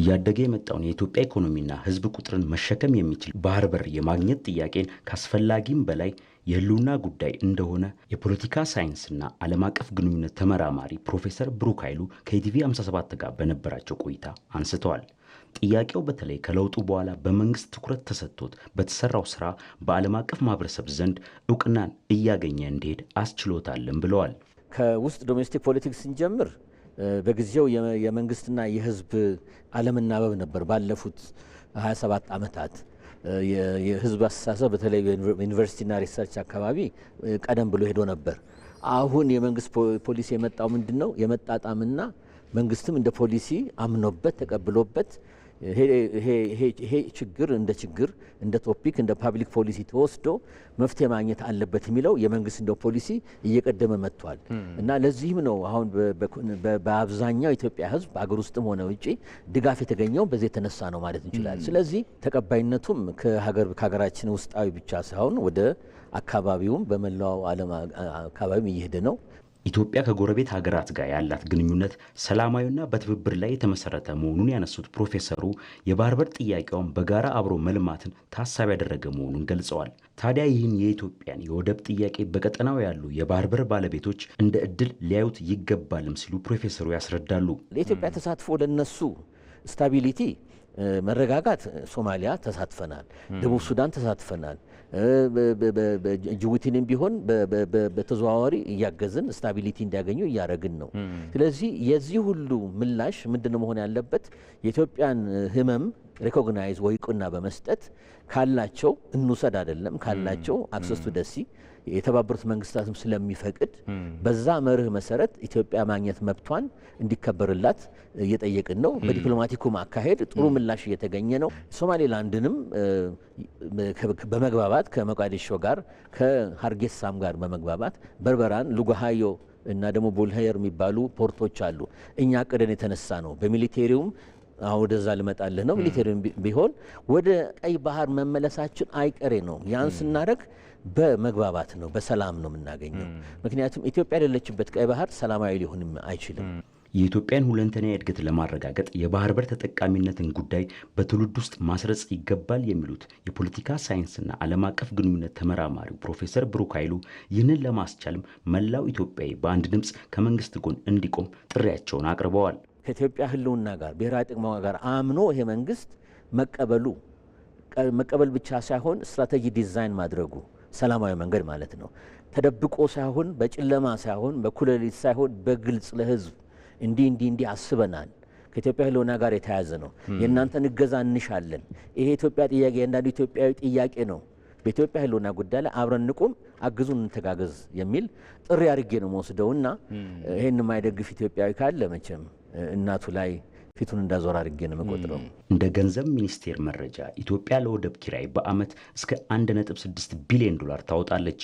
እያደገ የመጣውን የኢትዮጵያ ኢኮኖሚና ሕዝብ ቁጥርን መሸከም የሚችል ባህር በር የማግኘት ጥያቄን ካስፈላጊም በላይ የህልውና ጉዳይ እንደሆነ የፖለቲካ ሳይንስና ዓለም አቀፍ ግንኙነት ተመራማሪ ፕሮፌሰር ብሩክ ኃይሉ ከኢቲቪ 57 ጋር በነበራቸው ቆይታ አንስተዋል። ጥያቄው በተለይ ከለውጡ በኋላ በመንግስት ትኩረት ተሰጥቶት በተሰራው ስራ በዓለም አቀፍ ማህበረሰብ ዘንድ እውቅናን እያገኘ እንዲሄድ አስችሎታለን ብለዋል። ከውስጥ ዶሜስቲክ ፖለቲክስ ስንጀምር በጊዜው የመንግስትና የህዝብ አለመናበብ ነበር። ባለፉት 27 ዓመታት የህዝብ አስተሳሰብ በተለይ ዩኒቨርሲቲና ሪሰርች አካባቢ ቀደም ብሎ ሄዶ ነበር። አሁን የመንግስት ፖሊሲ የመጣው ምንድን ነው? የመጣጣምና መንግስትም እንደ ፖሊሲ አምኖበት ተቀብሎበት ይሄ ችግር እንደ ችግር እንደ ቶፒክ እንደ ፓብሊክ ፖሊሲ ተወስዶ መፍትሄ ማግኘት አለበት የሚለው የመንግስት እንደ ፖሊሲ እየቀደመ መጥቷል እና ለዚህም ነው አሁን በአብዛኛው ኢትዮጵያ ሕዝብ በሀገር ውስጥም ሆነ ውጪ ድጋፍ የተገኘው በዚህ የተነሳ ነው ማለት እንችላለን። ስለዚህ ተቀባይነቱም ከሀገራችን ውስጣዊ ብቻ ሳይሆን ወደ አካባቢውም በመላው ዓለም አካባቢም እየሄደ ነው። ኢትዮጵያ ከጎረቤት ሀገራት ጋር ያላት ግንኙነት ሰላማዊና በትብብር ላይ የተመሰረተ መሆኑን ያነሱት ፕሮፌሰሩ የባህር በር ጥያቄውን በጋራ አብሮ መልማትን ታሳቢ ያደረገ መሆኑን ገልጸዋል። ታዲያ ይህን የኢትዮጵያን የወደብ ጥያቄ በቀጠናው ያሉ የባህር በር ባለቤቶች እንደ እድል ሊያዩት ይገባልም ሲሉ ፕሮፌሰሩ ያስረዳሉ። ለኢትዮጵያ ተሳትፎ ለነሱ ስታቢሊቲ መረጋጋት ሶማሊያ ተሳትፈናል፣ ደቡብ ሱዳን ተሳትፈናል። ጅቡቲንም ቢሆን በተዘዋዋሪ እያገዝን ስታቢሊቲ እንዲያገኙ እያደረግን ነው። ስለዚህ የዚህ ሁሉ ምላሽ ምንድነው መሆን ያለበት? የኢትዮጵያን ህመም ሪኮግናይዝ ወይ ቁና በመስጠት ካላቸው እንውሰድ አይደለም ካላቸው አክሰስ ቱ ደሲ የተባበሩት መንግስታትም ስለሚፈቅድ በዛ መርህ መሰረት ኢትዮጵያ ማግኘት መብቷን እንዲከበርላት እየጠየቅን ነው። በዲፕሎማቲኩም አካሄድ ጥሩ ምላሽ እየተገኘ ነው። ሶማሌላንድንም በመግባባት ከሞቃዲሾ ጋር ከሀርጌሳም ጋር በመግባባት በርበራን፣ ሉጉሃዮ እና ደግሞ ቡልሄር የሚባሉ ፖርቶች አሉ። እኛ ቅደን የተነሳ ነው በሚሊቴሪውም ወደዛ ልመጣልህ ነው። ሚሊቴሪም ቢሆን ወደ ቀይ ባህር መመለሳችን አይቀሬ ነው። ያን ስናደርግ በመግባባት ነው፣ በሰላም ነው የምናገኘው። ምክንያቱም ኢትዮጵያ የሌለችበት ቀይ ባህር ሰላማዊ ሊሆንም አይችልም። የኢትዮጵያን ሁለንተናዊ እድገት ለማረጋገጥ የባህር በር ተጠቃሚነትን ጉዳይ በትውልድ ውስጥ ማስረጽ ይገባል የሚሉት የፖለቲካ ሳይንስና ዓለም አቀፍ ግንኙነት ተመራማሪው ፕሮፌሰር ብሩክ ኃይሉ ይህንን ለማስቻልም መላው ኢትዮጵያዊ በአንድ ድምፅ ከመንግስት ጎን እንዲቆም ጥሪያቸውን አቅርበዋል። ከኢትዮጵያ ህልውና ጋር ብሔራዊ ጥቅሟ ጋር አምኖ ይሄ መንግስት መቀበሉ መቀበል ብቻ ሳይሆን ስትራቴጂ ዲዛይን ማድረጉ ሰላማዊ መንገድ ማለት ነው። ተደብቆ ሳይሆን በጨለማ ሳይሆን በኩለሊት ሳይሆን በግልጽ ለህዝብ እንዲህ እንዲህ እንዲህ አስበናል ከኢትዮጵያ ህልውና ጋር የተያያዘ ነው። የእናንተን እገዛ እንሻለን። ይሄ የኢትዮጵያ ጥያቄ የአንዳንዱ ኢትዮጵያዊ ጥያቄ ነው በኢትዮጵያ ህልውና ጉዳይ ላይ አብረን ንቁም፣ አግዙን፣ እንተጋገዝ የሚል ጥሪ አድርጌ ነው መወስደውና ይህን የማይደግፍ ኢትዮጵያዊ ካለ መቼም እናቱ ላይ ፊቱን እንዳዞር አድርጌ ነው መቆጥረው። እንደ ገንዘብ ሚኒስቴር መረጃ ኢትዮጵያ ለወደብ ኪራይ በአመት እስከ 1.6 ቢሊዮን ዶላር ታወጣለች።